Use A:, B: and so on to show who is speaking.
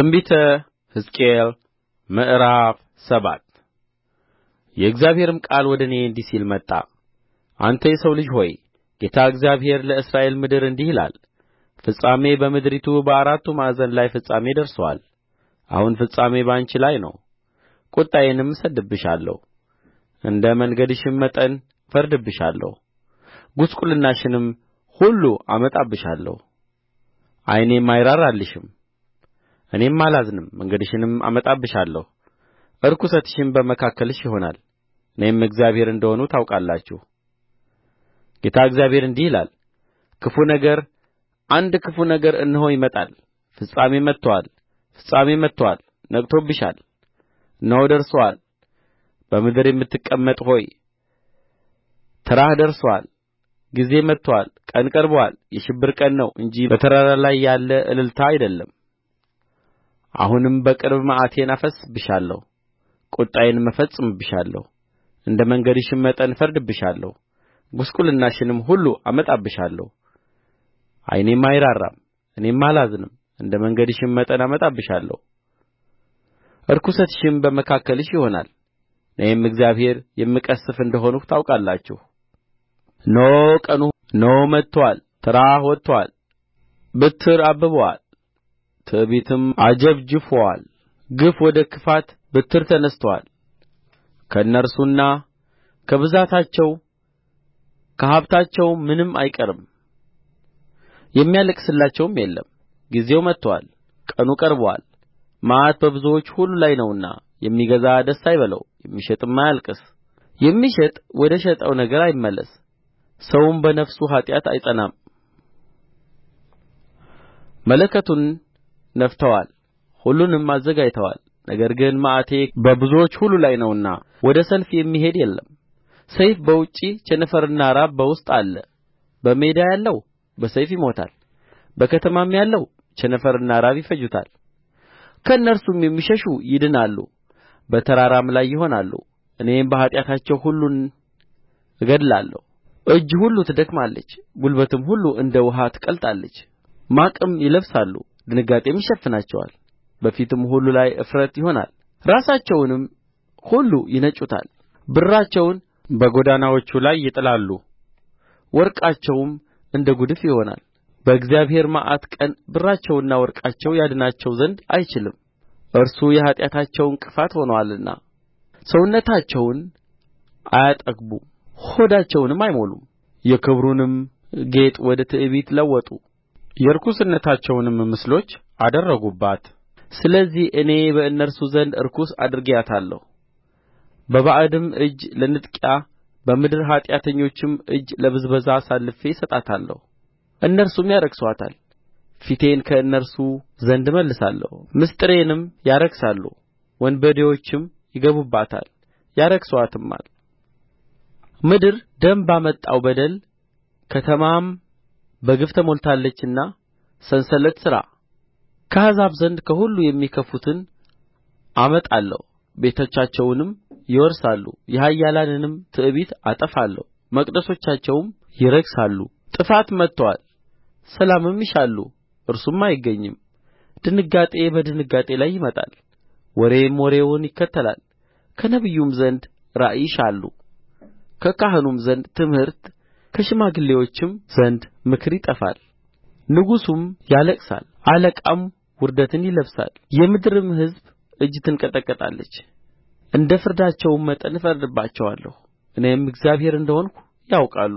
A: ትንቢተ ሕዝቅኤል ምዕራፍ ሰባት የእግዚአብሔርም ቃል ወደ እኔ እንዲህ ሲል መጣ አንተ የሰው ልጅ ሆይ ጌታ እግዚአብሔር ለእስራኤል ምድር እንዲህ ይላል ፍጻሜ በምድሪቱ በአራቱ ማዕዘን ላይ ፍጻሜ ደርሶአል አሁን ፍጻሜ በአንቺ ላይ ነው ቍጣዬንም እሰድድብሻለሁ እንደ መንገድሽም መጠን እፈርድብሻለሁ ጕስቍልናሽንም ሁሉ አመጣብሻለሁ ዓይኔም አይራራልሽም እኔም አላዝንም መንገድሽንም አመጣብሻለሁ ርኵሰትሽም በመካከልሽ ይሆናል እኔም እግዚአብሔር እንደ ሆንሁ ታውቃላችሁ ጌታ እግዚአብሔር እንዲህ ይላል ክፉ ነገር አንድ ክፉ ነገር እነሆ ይመጣል ፍጻሜ መጥቶአል ፍጻሜ መጥቶአል ነቅቶብሻል እነሆ ደርሶአል በምድር የምትቀመጥ ሆይ ተራህ ደርሶአል ጊዜ መጥቶአል ቀን ቀርቦአል የሽብር ቀን ነው እንጂ በተራራ ላይ ያለ እልልታ አይደለም አሁንም በቅርብ መዓቴን አፈስስብሻለሁ ቍጣዬንም እፈጽምብሻለሁ እንደ መንገድሽም መጠን እፈርድብሻለሁ ጕስቍልናሽንም ሁሉ አመጣብሻለሁ ዓይኔም አይራራም እኔም አላዝንም እንደ መንገድሽም መጠን አመጣብሻለሁ ርኵሰትሽም በመካከልሽ ይሆናል እኔም እግዚአብሔር የምቀሥፍ እንደ ሆንሁ ታውቃላችሁ እነሆ ቀኑ እነሆ መጥቶአል ተራህ ወጥቶአል ብትር አብቦአል ትዕቢትም አጅብጅፎአል ግፍ ወደ ክፋት በትር ተነሥቶአል ከእነርሱና ከብዛታቸው ከሀብታቸውም ምንም አይቀርም የሚያለቅስላቸውም የለም ጊዜው መጥቶአል ቀኑ ቀርቦአል መዓት በብዙዎች ሁሉ ላይ ነውና የሚገዛ ደስ አይበለው የሚሸጥም አያልቅስ የሚሸጥ ወደ ሸጠው ነገር አይመለስ ሰውም በነፍሱ ኃጢአት አይጸናም መለከቱን ነፍተዋል ሁሉንም አዘጋጅተዋል ነገር ግን መዓቴ በብዙዎች ሁሉ ላይ ነውና ወደ ሰልፍ የሚሄድ የለም ሰይፍ በውጭ ቸነፈርና ራብ በውስጥ አለ በሜዳ ያለው በሰይፍ ይሞታል በከተማም ያለው ቸነፈርና ራብ ይፈጁታል ከእነርሱም የሚሸሹ ይድናሉ በተራራም ላይ ይሆናሉ እኔም በኃጢአታቸው ሁሉን እገድላለሁ እጅ ሁሉ ትደክማለች ጉልበትም ሁሉ እንደ ውኃ ትቀልጣለች ማቅም ይለብሳሉ ድንጋጤም ይሸፍናቸዋል በፊትም ሁሉ ላይ እፍረት ይሆናል ራሳቸውንም ሁሉ ይነጩታል ብራቸውን በጎዳናዎቹ ላይ ይጥላሉ ወርቃቸውም እንደ ጕድፍ ይሆናል በእግዚአብሔር መዓት ቀን ብራቸውና ወርቃቸው ያድናቸው ዘንድ አይችልም እርሱ የኃጢአታቸው ዕንቅፋት ሆኖአልና ሰውነታቸውን አያጠግቡም ሆዳቸውንም አይሞሉም የክብሩንም ጌጥ ወደ ትዕቢት ለወጡ የርኵስነታቸውንም ምስሎች አደረጉባት ስለዚህ እኔ በእነርሱ ዘንድ ርኩስ አድርጌአታለሁ በባዕድም እጅ ለንጥቂያ በምድር ኃጢአተኞችም እጅ ለብዝበዛ አሳልፌ እሰጣታለሁ እነርሱም ያረክሱአታል ፊቴን ከእነርሱ ዘንድ እመልሳለሁ ምሥጢሬንም ያረክሳሉ ወንበዴዎችም ይገቡባታል ያረክሱአትማል ምድር ደም ባመጣው በደል ከተማም በግፍ ተሞልታለችና ሰንሰለት ሥራ ከአሕዛብ ዘንድ ከሁሉ የሚከፉትን አመጣለሁ ቤቶቻቸውንም ይወርሳሉ የኃያላንንም ትዕቢት አጠፋለሁ መቅደሶቻቸውም ይረክሳሉ ጥፋት መጥቶአል ሰላምም ይሻሉ እርሱም አይገኝም ድንጋጤ በድንጋጤ ላይ ይመጣል ወሬም ወሬውን ይከተላል ከነቢዩም ዘንድ ራዕይ ይሻሉ ከካህኑም ዘንድ ትምህርት ከሽማግሌዎችም ዘንድ ምክር ይጠፋል ንጉሡም ያለቅሳል አለቃም ውርደትን ይለብሳል የምድርም ሕዝብ እጅ ትንቀጠቀጣለች እንደ ፍርዳቸውም መጠን እፈርድባቸዋለሁ እኔም እግዚአብሔር እንደ ሆንሁ ያውቃሉ